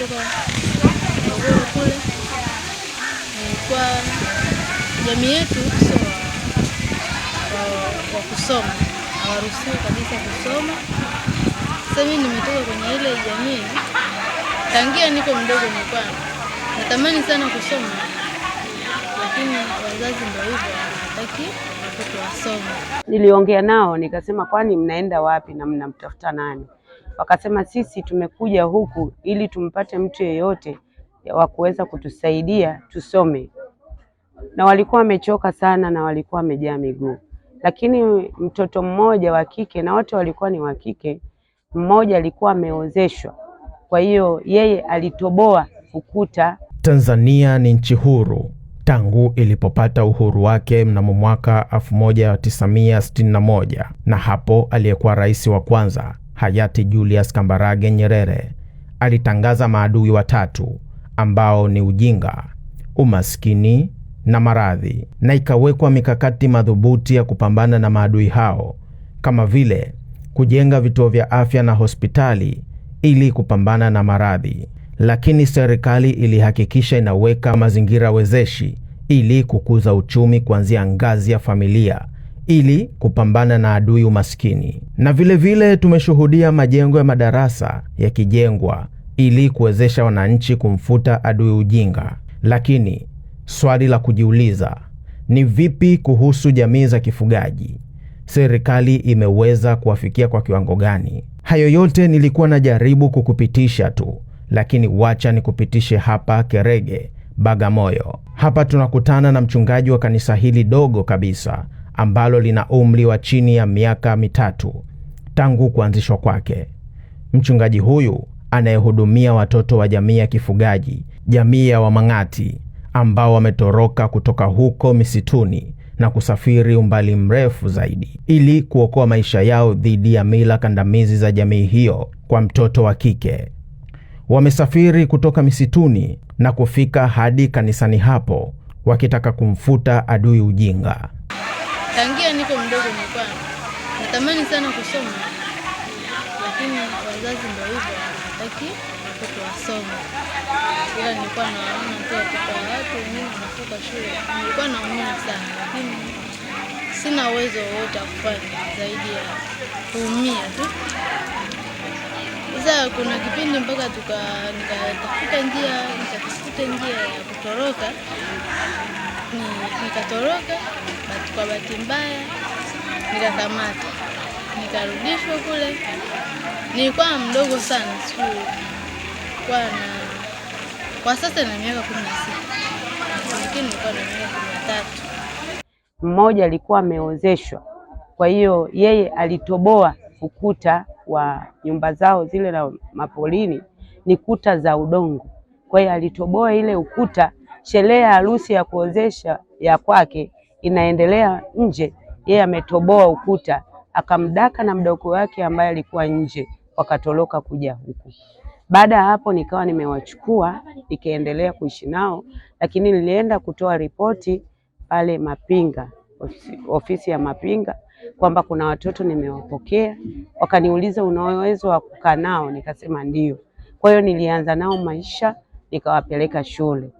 kutoka Morogoro kule. Kwa jamii yetu kwa, uh, kwa kusoma, hawaruhusiwi kabisa kusoma. Sasa mimi nimetoka kwenye ile jamii, tangia niko mdogo nilikuwa natamani sana kusoma, lakini wazazi ndio hivyo hawataki watoto wasome. Niliongea nao nikasema, kwani mnaenda wapi na mnamtafuta nani? wakasema sisi tumekuja huku ili tumpate mtu yeyote wa kuweza kutusaidia tusome, na walikuwa wamechoka sana na walikuwa wamejaa miguu. Lakini mtoto mmoja wa kike na wote walikuwa ni wa kike, mmoja alikuwa ameozeshwa, kwa hiyo yeye alitoboa ukuta. Tanzania ni nchi huru tangu ilipopata uhuru wake mnamo mwaka 1961 na hapo aliyekuwa rais wa kwanza hayati Julius Kambarage Nyerere alitangaza maadui watatu ambao ni ujinga, umaskini na maradhi, na ikawekwa mikakati madhubuti ya kupambana na maadui hao kama vile kujenga vituo vya afya na hospitali ili kupambana na maradhi. Lakini serikali ilihakikisha inaweka mazingira wezeshi ili kukuza uchumi kuanzia ngazi ya familia ili kupambana na adui umaskini, na vilevile vile tumeshuhudia majengo ya madarasa yakijengwa ili kuwezesha wananchi kumfuta adui ujinga. Lakini swali la kujiuliza ni vipi kuhusu jamii za kifugaji? Serikali imeweza kuwafikia kwa kiwango gani? Hayo yote nilikuwa najaribu kukupitisha tu, lakini wacha nikupitishe hapa Kerege, Bagamoyo. Hapa tunakutana na mchungaji wa kanisa hili dogo kabisa ambalo lina umri wa chini ya miaka mitatu tangu kuanzishwa kwake. Mchungaji huyu anayehudumia watoto wa jamii ya kifugaji, jamii ya Wamang'ati ambao wametoroka kutoka huko misituni na kusafiri umbali mrefu zaidi ili kuokoa maisha yao dhidi ya mila kandamizi za jamii hiyo kwa mtoto wa kike. Wamesafiri kutoka misituni na kufika hadi kanisani hapo wakitaka kumfuta adui ujinga natamani sana kusoma, lakini wazazi ndio hivyo, hawataki watoto wasome. Ila nilikuwa naona tu watoto wa watu wengine wanatoka shule, nilikuwa naumia sana, lakini sina uwezo wowote wa kufanya zaidi ya kuumia tu. Sasa kuna kipindi mpaka nikatafuta njia nikatafuta njia ya kutoroka, nikatoroka kwa bahati mbaya nikakamata, nikarudishwa kule. Nilikuwa mdogo sana, kwa na, kwa sasa na miaka kumi na sita, lakini nilikuwa na miaka kumi na tatu. Mmoja alikuwa ameozeshwa, kwa hiyo yeye alitoboa ukuta wa nyumba zao zile na mapolini ni kuta za udongo, kwa hiyo alitoboa ile ukuta. Sherehe ya harusi ya kuozesha ya kwake inaendelea nje, yeye ametoboa ukuta akamdaka na mdogo wake ambaye alikuwa nje, wakatoroka kuja huku. Baada ya hapo nikawa nimewachukua nikaendelea kuishi nao, lakini nilienda kutoa ripoti pale Mapinga, ofisi, ofisi ya Mapinga kwamba kuna watoto nimewapokea. Wakaniuliza, una uwezo wa kukaa nao? Nikasema ndio. Kwa hiyo nilianza nao maisha, nikawapeleka shule.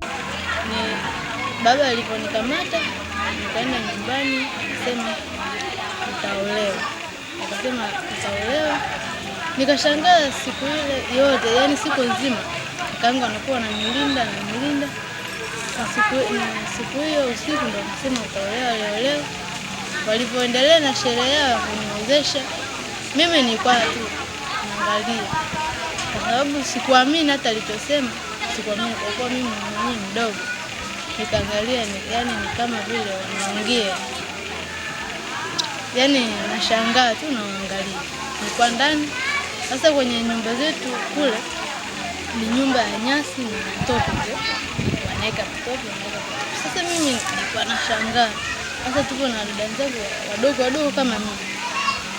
Baba aliponikamata nikaenda nyumbani nikasema nitaolewa, nikasema nitaolewa. Nikashangaa siku ile yote, yani siku nzima kakaangu anakuwa ananilinda ananilinda. Siku hiyo usiku ndo akasema utaolewa, leo. Walivyoendelea na sherehe yao kuniwezesha mimi nilikuwa tu naangalia, kwa sababu sikuamini hata alichosema, sikuamini kwa kuwa mimi mwenyewe mdogo, nikaangalia yani ni kama vile wanaongea yani nashangaa tu naangalia, nikwa ndani. Sasa kwenye nyumba zetu kule ni nyumba ya nyasi na mtoto tu, wanaweka matope. Sasa mimi nilikuwa nashangaa. Sasa tuko na dada zangu wadogo wadogo kama mimi,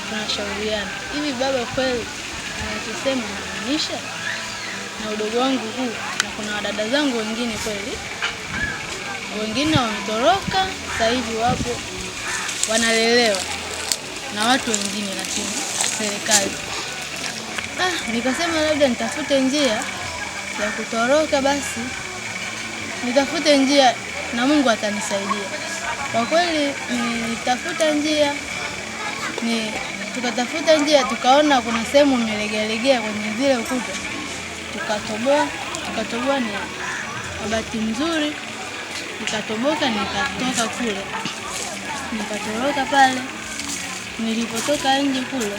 tunashauriana hivi, baba kweli anachosema anamaanisha na udogo wangu huu, na kuna wadada zangu wengine kweli, wengine wametoroka sasa hivi wapo wanalelewa na watu wengine, lakini serikali. Ah, nikasema labda nitafute njia ya kutoroka, basi nitafute njia na Mungu atanisaidia. Kwa kweli nitafuta njia ni tukatafuta njia, tukaona kuna sehemu imelegealegea kwenye zile ukuta, tukatoboa tukatoboa, ni mabati mzuri, nikatoboka nikatoka kule, nikatoroka pale nilipotoka nje kule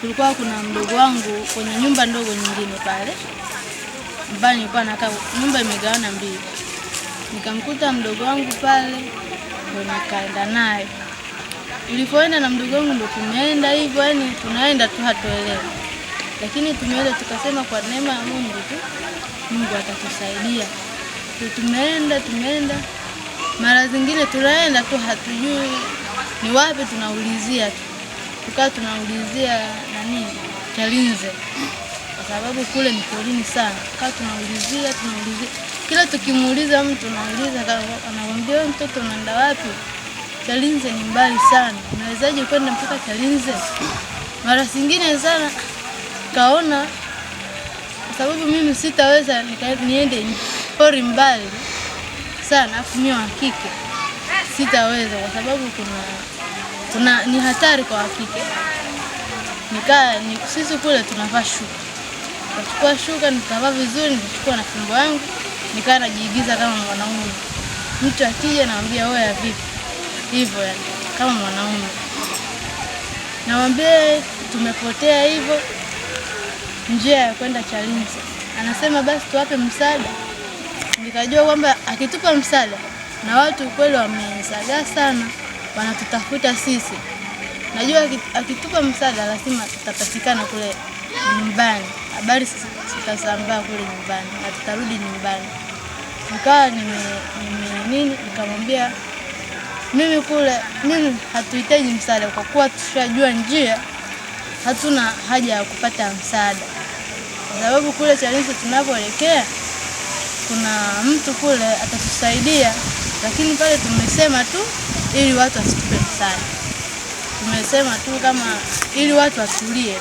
kulikuwa kuna mdogo wangu kwenye nyumba ndogo nyingine pale mbali, nilikuwa nakaa nyumba imegawana mbili, nikamkuta mdogo wangu pale, ndo nikaenda naye. ulipoenda na mdogo wangu ndo tumeenda hivyo, yani tunaenda tu hatuelewa lakini tumeenda tukasema, kwa neema ya Mungu tu Mungu atatusaidia. Tumeenda tumeenda, mara zingine tunaenda tu hatujui ni wapi tunaulizia tu, tukawa tunaulizia nani Chalinze, kwa sababu kule ni polini sana, kaa tunaulizia tunaulizia, kila tukimuuliza mtu nauliza, anakwambia wewe mtoto unaenda wapi? Chalinze ni mbali sana, unawezaje kwenda mpaka Chalinze? Mara zingine sana kaona kwa sababu mimi sitaweza niende pori mbali sana, afu mimi wa kike sitaweza kwa sababu kuna, kuna ni hatari kwa hakika. Nikaa sisi kule tunavaa shuka, nikachukua shuka nikavaa vizuri, nikachukua na fimbo yangu nikaa najiigiza kama mwanaume. Mtu akija namwambia wewe vipi hivyo, yani kama mwanaume namwambia tumepotea hivyo, njia ya kwenda Chalinze. Anasema basi tuwape msaada, nikajua kwamba akitupa msaada na watu ukweli wamesagaa sana, wanatutafuta sisi. Najua akitupa msaada lazima tutapatikana kule nyumbani, habari zitasambaa kule nyumbani na tutarudi nyumbani. Nikawa nime, nime nini, nikamwambia mimi kule, mimi hatuhitaji msaada kwa kuwa tushajua njia, hatuna haja ya kupata msaada, kwa sababu kule Chalinze tunapoelekea kuna mtu kule atatusaidia lakini pale tumesema tu ili watu wasitupe msana, tumesema tu kama ili watu watulie,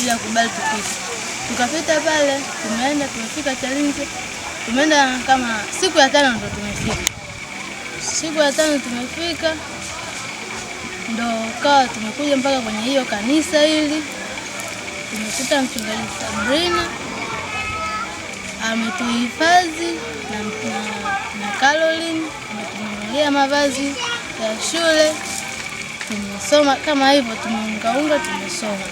ili akubali tupite. Tukapita pale, tumeenda tumefika Chalinze, tumeenda kama siku ya tano ndo tumefika, siku ya tano tumefika ndo kawa tumekuja mpaka kwenye hiyo kanisa hili, tumekuta mchungaji Sabrina ametuhifadhi na Caroline ametununulia mavazi ya shule, tumesoma kama hivyo, tumeungaunga, tumesoma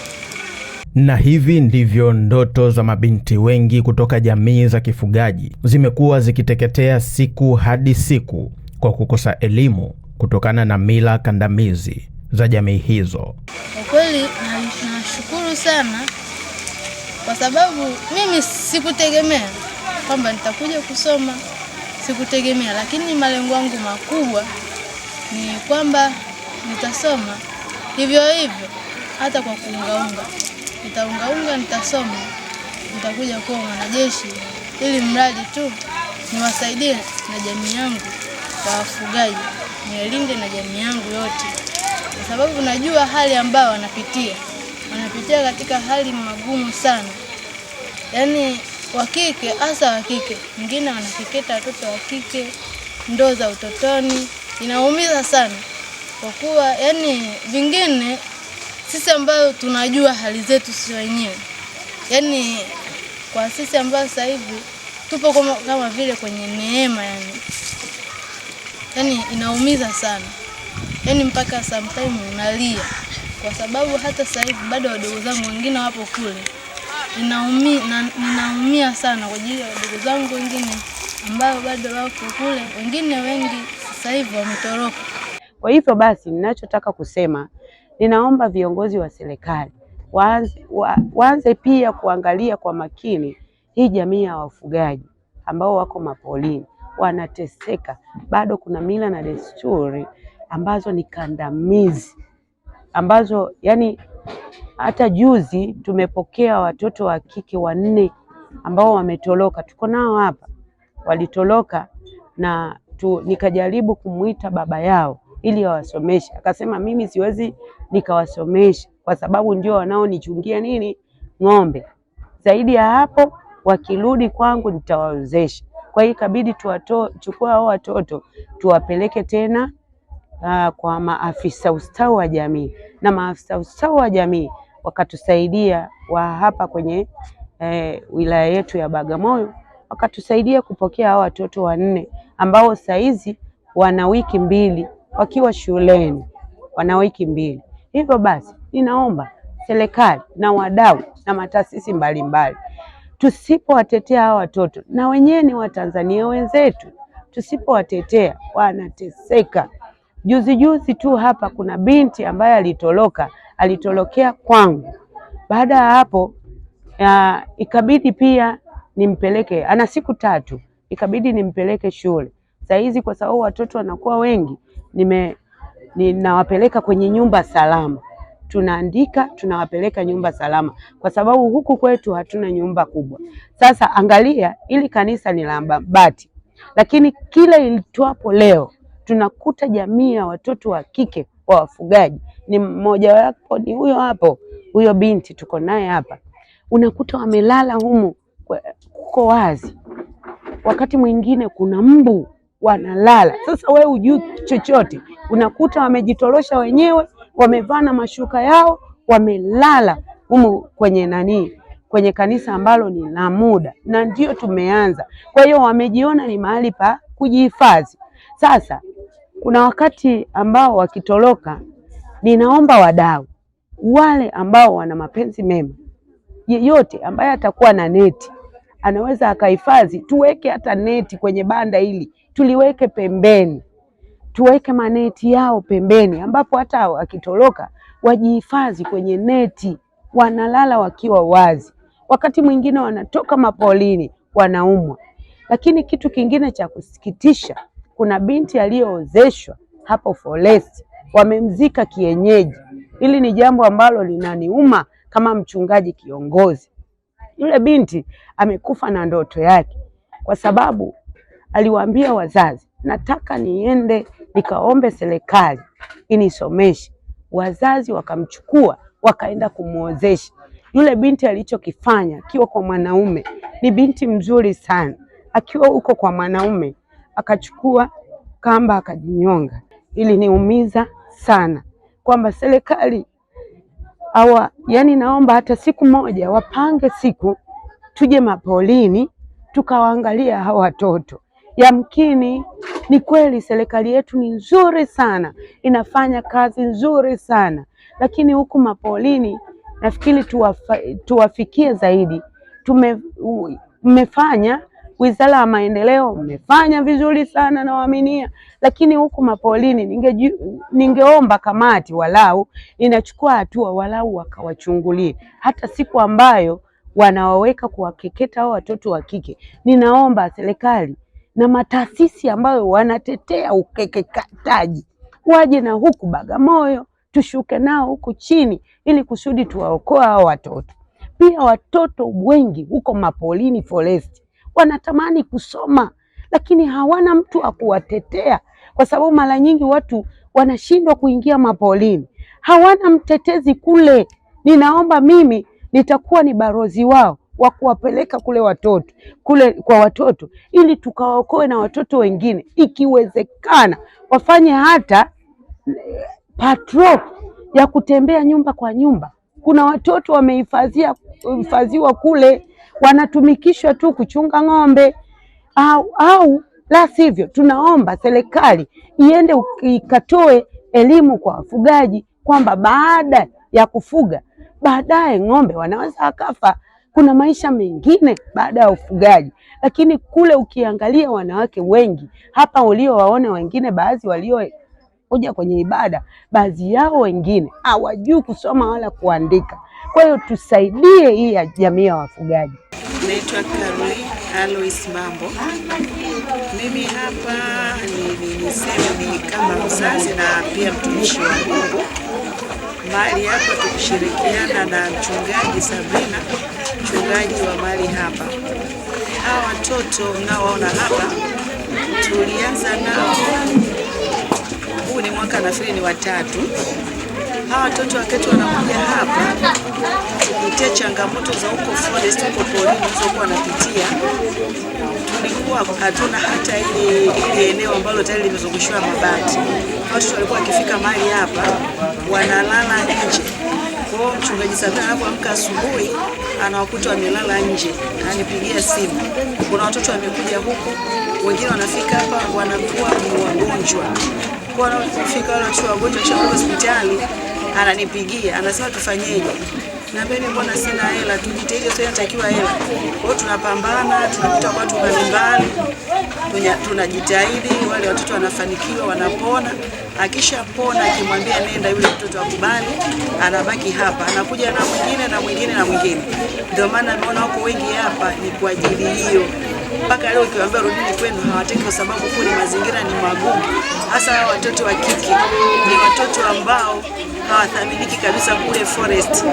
na hivi ndivyo ndoto za mabinti wengi kutoka jamii za kifugaji zimekuwa zikiteketea siku hadi siku kwa kukosa elimu kutokana na mila kandamizi za jamii hizo. Kwa kweli nashukuru sana, kwa sababu mimi sikutegemea kwamba nitakuja kusoma sikutegemea, lakini malengo yangu makubwa ni kwamba nitasoma hivyo hivyo, hata kwa kuungaunga, nitaungaunga, nitasoma, nitakuja kuwa mwanajeshi, ili mradi tu niwasaidie na jamii yangu kwa wafugaji, nilinde na jamii yangu yote, kwa sababu najua hali ambayo wanapitia, wanapitia katika hali magumu sana, yaani wa kike, hasa wa kike. Wengine wanakeketa watoto wa kike, ndoo za utotoni, inaumiza sana kwa kuwa yani vingine sisi ambayo tunajua hali zetu si wenyewe, yani kwa sisi ambayo sasa hivi tupo kama, kama vile kwenye neema yani, yani inaumiza sana yani mpaka sometimes unalia, kwa sababu hata sasa hivi bado wadogo zangu wengine wapo kule ninaumia sana kwa ajili ya ndugu zangu wengine ambao bado wako kule, wengine wengi sasa hivi wametoroka. Kwa hivyo basi, ninachotaka kusema, ninaomba viongozi wa serikali waanze, wa, waanze pia kuangalia kwa makini hii jamii ya wafugaji ambao wako mapolini wanateseka. Bado kuna mila na desturi ambazo ni kandamizi ambazo yani hata juzi tumepokea watoto wa kike wanne ambao wametoroka, tuko nao hapa, walitoroka na tu, nikajaribu kumwita baba yao ili awasomeshe, akasema mimi siwezi nikawasomesha kwa sababu ndio wanaonichungia nini ng'ombe. Zaidi ya hapo, wakirudi kwangu nitawawezesha. Kwa hiyo ikabidi tuwachukua hao watoto tuwapeleke tena uh, kwa maafisa ustawi wa jamii, na maafisa ustawi wa jamii wakatusaidia wa hapa kwenye eh, wilaya yetu ya Bagamoyo wakatusaidia kupokea hao watoto wanne ambao saizi wana wiki mbili wakiwa shuleni, wana wiki mbili. Hivyo basi, ninaomba serikali na wadau na mataasisi mbalimbali, tusipowatetea hawa watoto, na wenyewe ni Watanzania wenzetu, tusipowatetea wanateseka. Juzi juzi tu hapa kuna binti ambaye alitoroka alitorokea kwangu. Baada ya hapo ya, ikabidi pia nimpeleke, ana siku tatu, ikabidi nimpeleke shule. Saa hizi kwa sababu watoto wanakuwa wengi, nime ninawapeleka kwenye nyumba salama, tunaandika tunawapeleka nyumba salama, kwa sababu huku kwetu hatuna nyumba kubwa. Sasa angalia, ili kanisa ni la mabati, lakini kila ilitwapo leo tunakuta jamii ya watoto wa kike wa wafugaji ni mmoja wapo ni huyo hapo, huyo binti tuko naye hapa, unakuta wamelala humu, kuko wazi. Wakati mwingine kuna mbu wanalala. Sasa we hujui chochote, unakuta wamejitorosha wenyewe, wamevaa na mashuka yao, wamelala humu kwenye nanii kwenye kanisa ambalo ni la muda na ndio tumeanza. Kwa hiyo wamejiona ni mahali pa kujihifadhi. Sasa kuna wakati ambao wakitoroka Ninaomba wadau wale ambao wana mapenzi mema, yeyote ambaye atakuwa na neti anaweza akahifadhi, tuweke hata neti kwenye banda hili, tuliweke pembeni, tuweke maneti yao pembeni, ambapo hata wakitoroka wajihifadhi kwenye neti, wanalala wakiwa wazi. Wakati mwingine wanatoka mapolini wanaumwa. Lakini kitu kingine cha kusikitisha, kuna binti aliyoozeshwa hapo Forest wamemzika kienyeji. Hili ni jambo ambalo linaniuma kama mchungaji kiongozi. Yule binti amekufa na ndoto yake, kwa sababu aliwaambia wazazi, nataka niende nikaombe serikali inisomeshe. Wazazi wakamchukua wakaenda kumwozesha. Yule binti alichokifanya akiwa kwa mwanaume, ni binti mzuri sana, akiwa huko kwa mwanaume akachukua kamba akajinyonga. Iliniumiza sana kwamba serikali awa, yani naomba hata siku moja wapange siku tuje mapolini tukawaangalia hawa watoto. Yamkini ni kweli serikali yetu ni nzuri sana, inafanya kazi nzuri sana, lakini huku mapolini nafikiri tuwafikie zaidi. Tumefanya Wizara ya Maendeleo mmefanya vizuri sana, nawaaminia, lakini huku mapolini ninge, ningeomba kamati walau inachukua hatua walau wakawachungulie hata siku ambayo wanawaweka kuwakeketa hao watoto wa kike. Ninaomba serikali na mataasisi ambayo wanatetea ukeketaji waje na huku Bagamoyo, tushuke nao huku chini ili kusudi tuwaokoa hao watoto. Pia watoto wengi huko mapolini foresti wanatamani kusoma, lakini hawana mtu wa kuwatetea kwa sababu mara nyingi watu wanashindwa kuingia mapolini, hawana mtetezi kule. Ninaomba mimi nitakuwa ni barozi wao wa kuwapeleka kule watoto kule kwa watoto, ili tukawaokoe na watoto wengine, ikiwezekana wafanye hata eh, patro ya kutembea nyumba kwa nyumba. Kuna watoto wamehifadhiwa kule wanatumikishwa tu kuchunga ng'ombe au, au la sivyo, tunaomba serikali iende ikatoe elimu kwa wafugaji kwamba baada ya kufuga baadaye ng'ombe wanaweza wakafa. Kuna maisha mengine baada ya ufugaji, lakini kule ukiangalia wanawake wengi hapa uliowaona, wengine baadhi waliokuja kwenye ibada, baadhi yao wengine hawajui kusoma wala kuandika. Kwa hiyo tusaidie hii ya jamii ya wafugaji. Naitwa Karoli Alois Mambo. Mimi hapa niseme ni kama mzazi na pia mtumishi wa Mungu mali hapa, tukishirikiana na mchungaji Sabrina, mchungaji wa mali hapa. Hawa watoto mnaoona hapa tulianza nao, huu ni mwaka nafikiri ni watatu hawa watoto waketu wanakuja hapa kupitia changamoto za huko forest huko porini zilizokuwa wanapitia, tulikuwa hatuna hata ile ile eneo ambalo tayari limezungushiwa mabati. Watoto walikuwa wakifika mahali hapa wanalala nje. Kwa hiyo mchungaji Sabina anapoamka asubuhi anawakuta wamelala nje, ananipigia simu, kuna watoto wamekuja huku, wengine wanafika hapa wanakuwa ni wagonjwa. Kwa hiyo wanapofika wale watoto wagonjwa kisha hospitali ananipigia anasema tufanyeje? Naambia mbona sina hela, tujitahidi sio inatakiwa hela. Kwa hiyo tunapambana, tunakuta watu mbalimbali, tunajitahidi, wale watoto wanafanikiwa, wanapona. Akishapona akimwambia nenda, yule mtoto akubali, anabaki hapa, anakuja na mwingine na mwingine na mwingine. Ndio maana naona wako wengi hapa ni kwa ajili hiyo. Mpaka leo ukiwaambia rudini kwenu hawataki, kwa sababu kuni mazingira ni magumu hasa watoto wa kike ni watoto ambao hawathaminiki kabisa kule forest.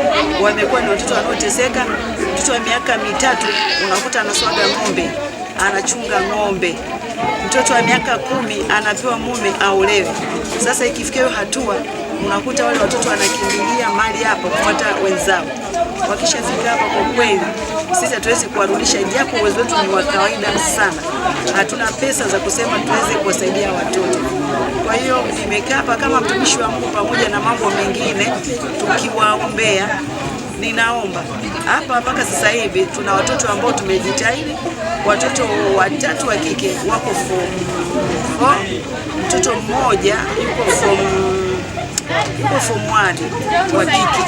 Wamekuwa ni watoto wanaoteseka. Mtoto wa miaka mitatu unakuta anaswaga ng'ombe, anachunga ng'ombe. Mtoto wa miaka kumi anapewa mume aolewe. Sasa ikifikia hiyo hatua unakuta wale watoto wanakimbilia mali hapo kupata wenzao. Wakishafika hapa, kwa kweli sisi hatuwezi kuwarudisha, japo uwezo wetu ni wa kawaida sana, hatuna pesa za kusema tuweze kuwasaidia watoto. Kwa hiyo nimekaa hapa kama mtumishi wa Mungu, pamoja na mambo mengine, tukiwaombea Ninaomba hapa mpaka sasa hivi tuna watoto ambao tumejitahidi, watoto watatu wa kike wako form 4, mtoto mmoja yuko form yuko form 1 wa kike.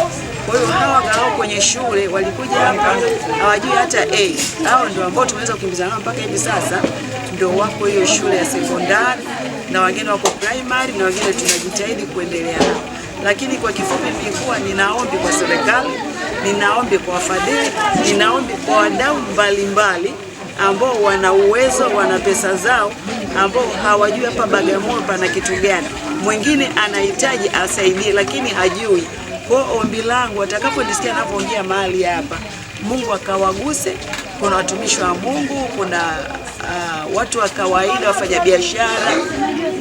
Kwa hiyo hawa galao kwenye shule walikuja hapa hawajui hata A. Hao ndio ambao tumeweza kukimbiza nao mpaka hivi sasa, ndio wako hiyo shule ya sekondari na wengine wako primary na wengine tunajitahidi kuendelea nao, lakini kwa kifupi nilikuwa ninaombi kwa serikali, ninaombi kwa wafadhili, ninaombi kwa wadau mbalimbali ambao wana uwezo, wana pesa zao, ambao hawajui hapa Bagamoyo pana kitu gani mwingine anahitaji asaidie, lakini hajui. Kwa ombi langu atakaponisikia anapoongea mahali hapa, Mungu akawaguse. Kuna watumishi wa Mungu, kuna uh, watu wa kawaida, wafanyabiashara,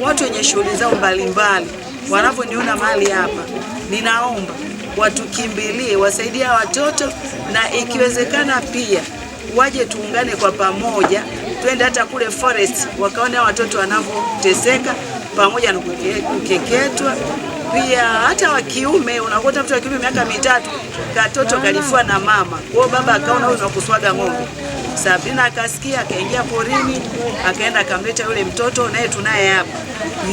watu wenye shughuli zao mbalimbali, wanaponiona mahali hapa, ninaomba watukimbilie, wasaidia watoto, na ikiwezekana pia waje tuungane kwa pamoja, twende hata kule forest wakaone watoto wanavyoteseka pamoja na kukeketwa pia hata wa kiume unakuta mtu wa kiume miaka mitatu katoto kalifua na mama kwao, baba akaona huyu kuswaga ng'ombe. Sabina akasikia akaingia porini akaenda akamleta yule mtoto, naye tunaye hapa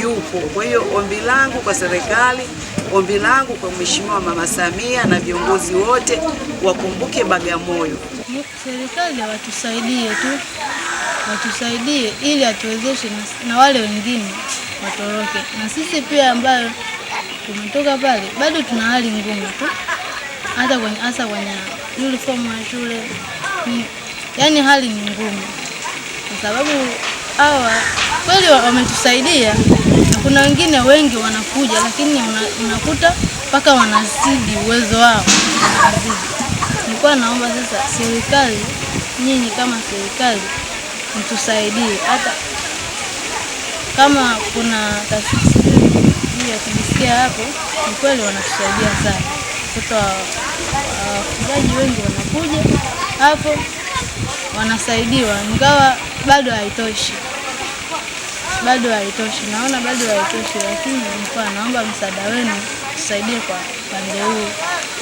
yupo. Kwa hiyo ombi langu kwa serikali, ombi langu kwa mheshimiwa mama Samia na viongozi wote wakumbuke Bagamoyo. Serikali watusaidie tu, watusaidie ili atuwezeshe na wale wengine watoroke, na sisi pia ambayo tumetoka pale bado tuna hali ngumu tu, hata kwenye hasa kwenye uniform ya shule ni, yani hali ni ngumu kwa sababu hawa kweli wametusaidia, na kuna wengine wengi wanakuja, lakini unakuta mpaka wanazidi uwezo wao Nilikuwa naomba sasa serikali, nyinyi kama serikali mtusaidie hata kama kuna taasisi ya kujisikia hapo, ni kweli wanatusaidia sana. Watoto uh, wafugaji wengi wanakuja hapo wanasaidiwa, ingawa bado haitoshi, bado haitoshi, naona bado haitoshi, lakini nilikuwa naomba msaada wenu tusaidie kwa pande huu.